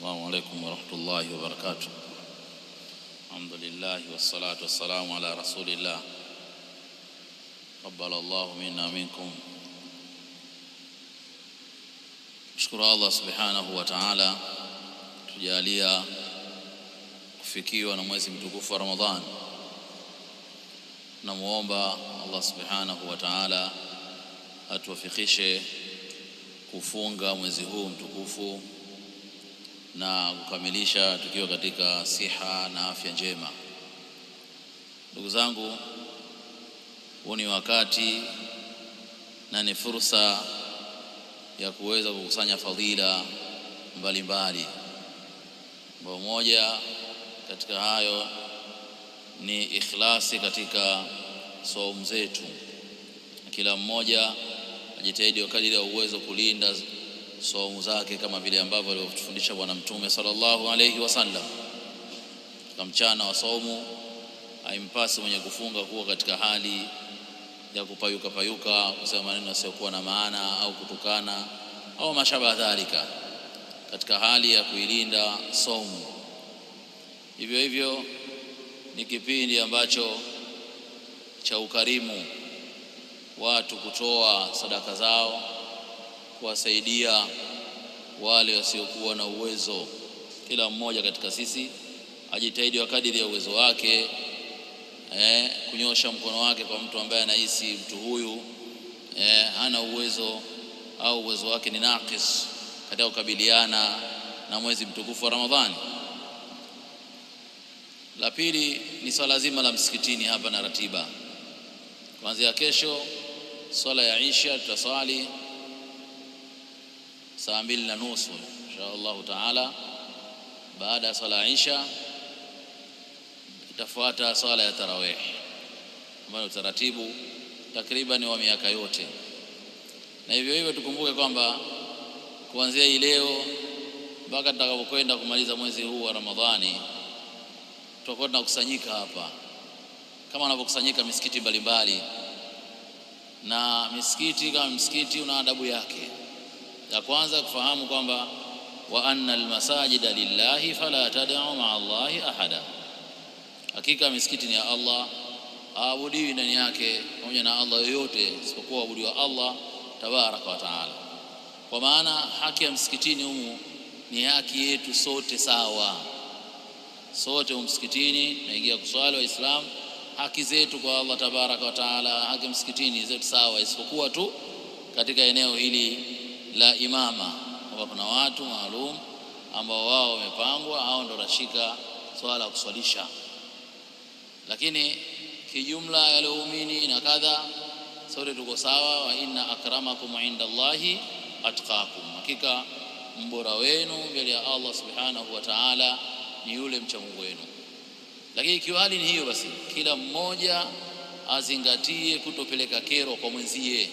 Assalamu alaikum warahmatullahi wabarakatuh. Alhamdulillah wassalatu wassalamu ala rasulillah. Qabbala llahu minna minkum. Shukuru Allah subhanahu wa ta'ala tujalia kufikiwa na mwezi mtukufu wa Ramadhan. namwomba Allah subhanahu wa ta'ala atuwafikishe kufunga mwezi huu mtukufu na kukamilisha tukiwa katika siha na afya njema. Ndugu zangu, huu ni wakati na ni fursa ya kuweza kukusanya fadhila mbalimbali, ambayo moja katika hayo ni ikhlasi katika saumu zetu. Kila mmoja ajitahidi kwa kadiri ya uwezo kulinda somu zake kama vile ambavyo alivyofundisha Bwana Mtume sallallahu alayhi wasallam. Katika mchana wa somu haimpasi mwenye kufunga kuwa katika hali ya kupayuka payuka, kusema maneno yasiyokuwa na maana au kutukana au mashabaha dhalika, katika hali ya kuilinda somu. Hivyo hivyo ni kipindi ambacho cha ukarimu, watu kutoa sadaka zao kuwasaidia wale wasiokuwa na uwezo. Kila mmoja katika sisi ajitahidi wa kadiri ya uwezo wake eh, kunyosha mkono wake kwa mtu ambaye anahisi mtu huyu eh, hana uwezo au uwezo wake ni nakis katika kukabiliana na mwezi mtukufu wa Ramadhani. La pili ni swala zima la msikitini hapa na ratiba. Kuanzia kesho swala ya Isha tutaswali saa mbili na nusu insha Allahu taala. Baada ya sala ya isha itafuata sala ya tarawih, ambayo utaratibu takriban wa miaka yote, na hivyo hivyo tukumbuke kwamba kuanzia hii leo mpaka tutakapokwenda kumaliza mwezi huu wa Ramadhani tutakuwa tunakusanyika hapa kama wanavyokusanyika misikiti mbalimbali, na misikiti kama msikiti una adabu yake. La kwanza kufahamu kwamba wa anna almasajida lillahi fala tad'u ma'a allahi ahada, hakika misikiti ni ya Allah, aabudiwi ndani yake pamoja na Allah yoyote isipokuwa wa Allah tabaraka wa taala. Kwa maana haki ya msikitini humu ni haki yetu sote sawa, sote umsikitini naingia kuswali waislam haki zetu kwa Allah tabaraka wa taala, haki msikitini zetu sawa, isipokuwa tu katika eneo hili la imama, kwamba kuna watu maalum ambao wao wamepangwa au ndo wanashika swala ya kuswalisha. Lakini kijumla waumini na kadha, sote tuko sawa, wa inna akramakum inda Allahi atqakum, hakika mbora wenu mbele ya Allah subhanahu wa ta'ala ni yule mcha Mungu wenu. Lakini ikiwa hali ni hiyo, basi kila mmoja azingatie kutopeleka kero kwa mwenzie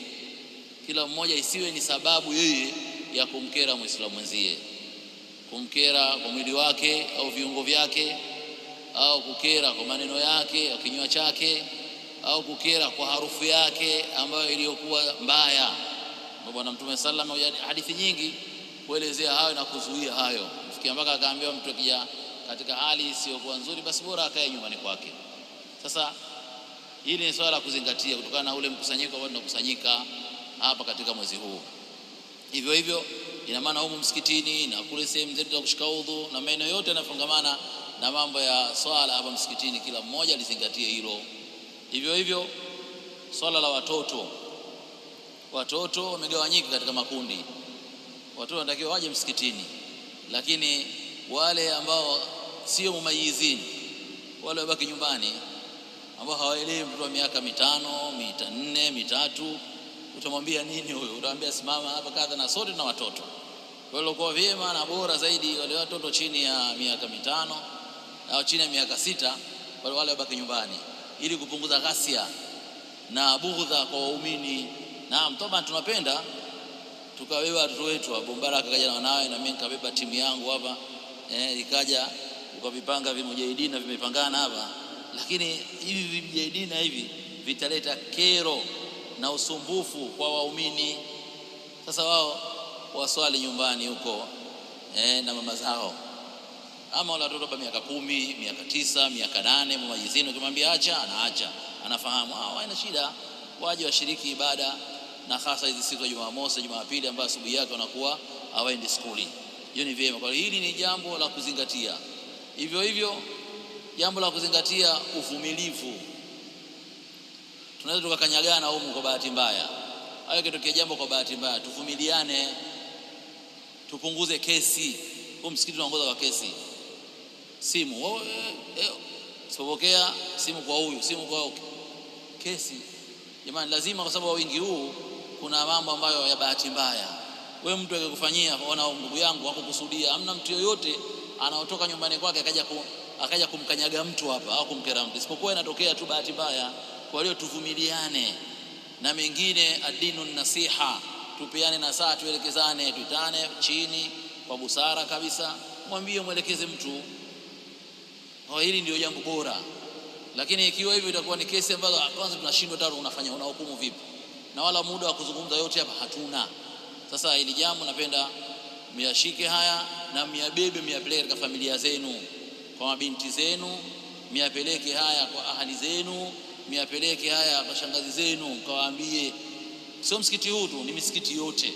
kila mmoja isiwe ni sababu yeye ya kumkera mwislamu mwenzie, kumkera kwa mwili wake au viungo vyake, au kukera kwa maneno yake au kinywa chake, au kukera kwa harufu yake ambayo iliyokuwa mbaya. Bwana Mtume sallam hadithi nyingi kuelezea hayo na kuzuia hayo, mfikia mpaka akaambiwa mtu akija katika hali isiyokuwa nzuri, basi bora akae nyumbani kwake. Sasa hili ni swala la kuzingatia, kutokana na ule mkusanyiko ambao tunakusanyika hapa katika mwezi huu. Hivyo hivyo ina maana humu msikitini na kule sehemu zetu za kushika udhu na maeneo yote yanafungamana na mambo ya swala hapa msikitini, kila mmoja alizingatie hilo. Hivyo hivyo swala la watoto, watoto wamegawanyika katika makundi. Watoto wanatakiwa waje msikitini, lakini wale ambao sio mumayizini, wale wabaki nyumbani, ambao hawaelewi mtoto wa miaka mitano, nne, mitatu utamwambia nini huyo? Utamwambia simama hapa kadha, na sote tuna watoto. Kwa kwa vyema na bora zaidi wale watoto chini ya miaka mitano au chini ya miaka sita, wale wale wabaki nyumbani ili kupunguza ghasia na bughdha kwa waumini. Naam, toba tunapenda tukabeba watoto wetu. Abu Mbaraka kaja na wanawe, na mimi nikabeba timu yangu hapa eh, ikaja ukavipanga vimujahidini na vimepangana hapa, lakini hivi vimujahidini na hivi vitaleta kero na usumbufu kwa waumini. Sasa wao waswali nyumbani huko eh, na mama zao, ama wala watoto wa miaka kumi, miaka tisa, miaka nane, mama ukimwambia acha anaacha, anafahamu hao ah, haina shida, waje washiriki ibada, na hasa hizi siku za Jumamosi, Jumapili ambayo asubuhi yake wanakuwa hawaendi skuli. Hiyo ni vyema, kwa hili ni jambo la kuzingatia. Hivyo hivyo jambo la kuzingatia uvumilivu tunaweza tukakanyagana humu kwa bahati mbaya, au ikitokea jambo kwa bahati mbaya, tuvumiliane, tupunguze kesi. Huu msikiti unaongoza kwa kesi, simu oh, simu kwa huyu, simu kwa kesi. Jamani, lazima kwa sababu wingi huu kuna mambo ambayo ya bahati mbaya. We mtu akikufanyia, ona ndugu yangu, hakukusudia. amna mtu yoyote anaotoka nyumbani kwake akaja kumkanyaga mtu hapa au kumkera mtu, isipokuwa inatokea tu bahati mbaya. Kwa leo tuvumiliane, na mengine adinu nasiha, tupeane nasaha, tuelekezane, tuitane chini kwa busara kabisa, mwambie mwelekeze mtu oh, hili ndio jambo bora. Lakini ikiwa hivyo itakuwa ni kesi ambazo ah, kwanza tunashindwa tatu, unafanya unahukumu vipi? Na wala muda wa kuzungumza yote hapa hatuna. Sasa hili jambo napenda myashike haya na myabebe, myapeleke katika familia zenu, kwa mabinti zenu, myapeleke haya kwa ahali zenu miapeleke haya kwa shangazi zenu, mkawaambie. Sio msikiti huu tu, ni misikiti yote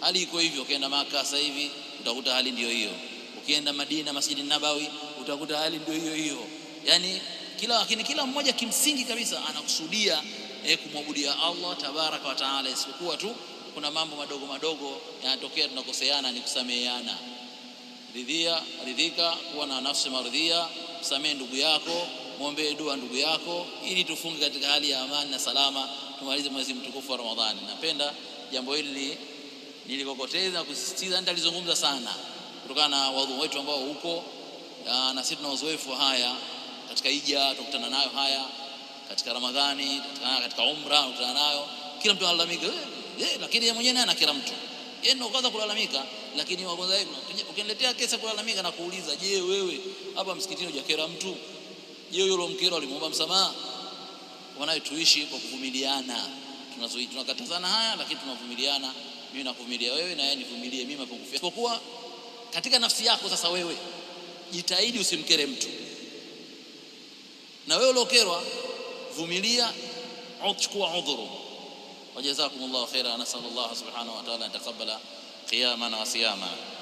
hali iko hivyo. Ukienda Maka sasa hivi utakuta hali ndio hiyo, ukienda Madina Masjid Nabawi utakuta hali ndio hiyo hiyo, yani kila, lakini kila mmoja kimsingi kabisa anakusudia eh, kumwabudia Allah tabaraka wa taala, isipokuwa tu kuna mambo madogo madogo yanatokea, tunakoseana, ni kusameheana, ridhia ridhika, kuwa na nafsi maridhia, kusamehe ndugu yako mwombee dua ndugu yako, ili tufunge katika hali ya amani na salama, tumalize mwezi mtukufu wa Ramadhani. Napenda jambo hili nilikokoteza kusisitiza, nitalizungumza sana kutokana na wadhu wetu ambao huko na sisi tuna uzoefu haya katika hija tukutana nayo haya, katika Ramadhani tukutana, katika umra tukutana nayo. Kila mtu analalamika eh, eh, lakini yeye mwenyewe ana kila mtu yeye ndio kwanza kulalamika, lakini wagonza yeye ukiniletea kesa kulalamika na kuuliza, je, wewe hapa msikitini hujakera mtu? Je, yule mkero alimwomba msamaha? Wanaye tuishi kwa kuvumiliana, tunazoi tunakatazana haya, lakini tunavumiliana. Mimi nakuvumilia wewe na yeye nivumilie mimi mapungufu, isipokuwa katika nafsi yako. Sasa wewe jitahidi usimkere mtu, na wewe uliokerwa vumilia, chukua udhuru. Wajazakumullahu khaira, nasallallahu subhanahu wa ta'ala an taqabbala qiyamana wa siyamana